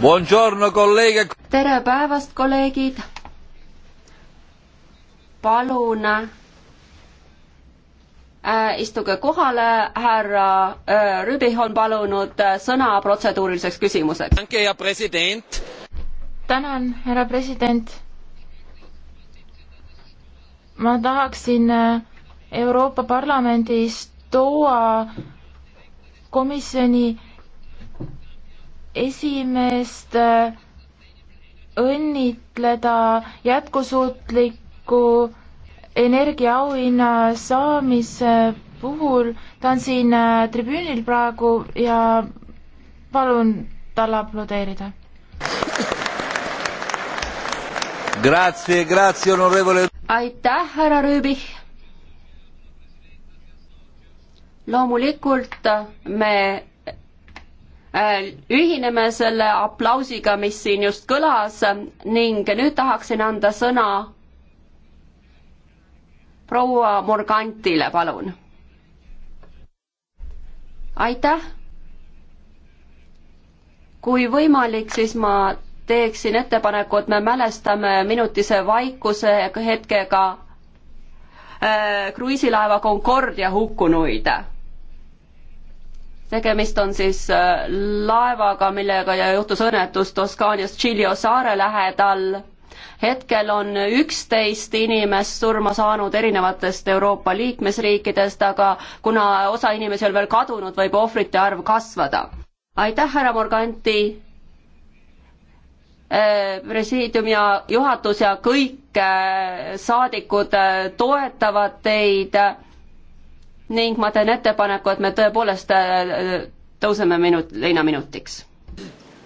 Buongiorno, kolleeg! tere päevast, kolleegid! palun äh, istuge kohale, härra äh, Rübih on palunud äh, sõna protseduuriliseks küsimuseks. tänan, härra president! ma tahaksin äh, Euroopa Parlamendis tuua komisjoni äh, esimeest äh, õnnitleda jätkusuutliku energiaauhinna saamise puhul. ta on siin äh, tribüünil praegu ja palun talle aplodeerida. Grazie, grazie, onorevole. aitäh, härra Rüübich. loomulikult me Äh, ühineme selle aplausiga, mis siin just kõlas ning nüüd tahaksin anda sõna proua Morgantile, palun. aitäh. kui võimalik, siis ma teeksin ettepaneku, et me mälestame minutise vaikuse hetkega äh, kruiisilaeva Concordia hukkunuid tegemist on siis äh, laevaga, millega juhtus õnnetus Toskaanias Tšiljo saare lähedal. hetkel on üksteist inimest surma saanud erinevatest Euroopa liikmesriikidest, aga kuna osa inimesi on veel kadunud, võib ohvrite arv kasvada. aitäh, härra Morganti! Äh, presiidium ja juhatus ja kõik äh, saadikud toetavad teid ning ma teen ettepaneku, et me tõepoolest äh, tõuseme minut, leinaminutiks